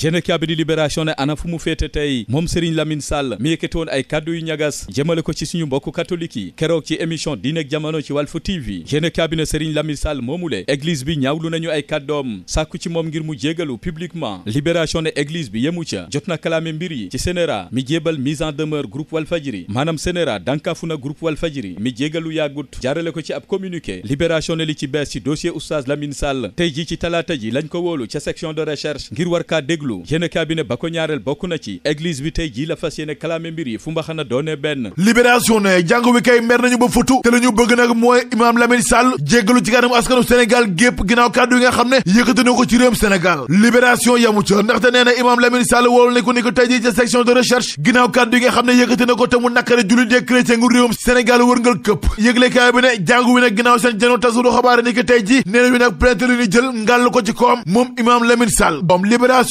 yéenekaay bi di libération ne ana fu mu féete tey moom Serigne Lamine Sall mi yëkkati woon ay kàddu ñagas jëmale ko ci suñu mbokk catholique yi keroog ci émission diine ak jamono ci Walf TV yéenekaay bi ne Serigne Lamine Sall moomule église bi ñaawlu nañu ay kàddoom sàkku ci moom ngir mu jégalu publiquement libération ne église bi yemu ca jot na kalaame mbir yi ci sénéra mi jébal mise en demeure groupe Walfadjri maanaam sénéra dankafu na groupe Walfadjri mi ko ci ab communiqué libération ne li ci bees ci dossier oustaz Lamine Sall tey section de recherche ngir déglu yéen ba ko ñaareel bokk na ci église bi tey jii la fas yéene kalaame mbir yi fu mbaxana doone benn libération ne jàng wi kay mer nañu ba futu te la bëgg nag mooy imaam Lamine Sall jéggalu ci kanam askanu Sénégal gépp ginnaaw kàddu yi nga xam ne yëkkati ko ci réewum Sénégal libération yamu ca ndaxte nee imaam Lamine Sall woolu ni ko tey jii ca section de recherche ginnaaw kàddu yi nga xam ne yëkkati ko te mu nakare jullit dee chrétien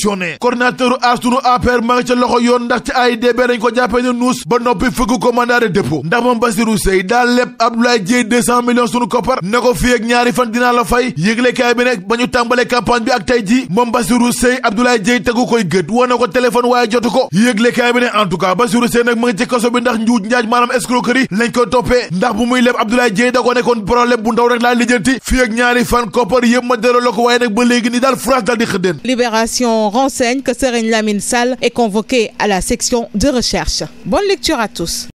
ci ne coordinateur u astunu ma nga ca loxo yoon ndax ci AIBD dañ ko jàppee ne nuus ba noppi fëgg ko mandat de dépôt ndax moom Bassirou Seye daal lépp Abdoulaye Dieye deux cent millions sunu koppar ne ko fii ak ñaari fan dinaa la fay yëglekaay bi nekk ba ñu tàmbalee campagne bi ak tey ji moom Bassirou Seye Abdoulaye Dieye tegu koy gët wane ko téléphone waaye jotu ko yëglekaay bi ne en tout cas Bassirou Seye nag ma nga ci kaso bi ndax njuuj njaaj maanaam escroquerie lañ koy toppee ndax rek laa lijjanti fii ak ñaari fan koppar yëpp ma delloo la ba léegi ni daal France daal que Serine Lamine Sall est convoquée à la section de recherche. Bonne lecture à tous.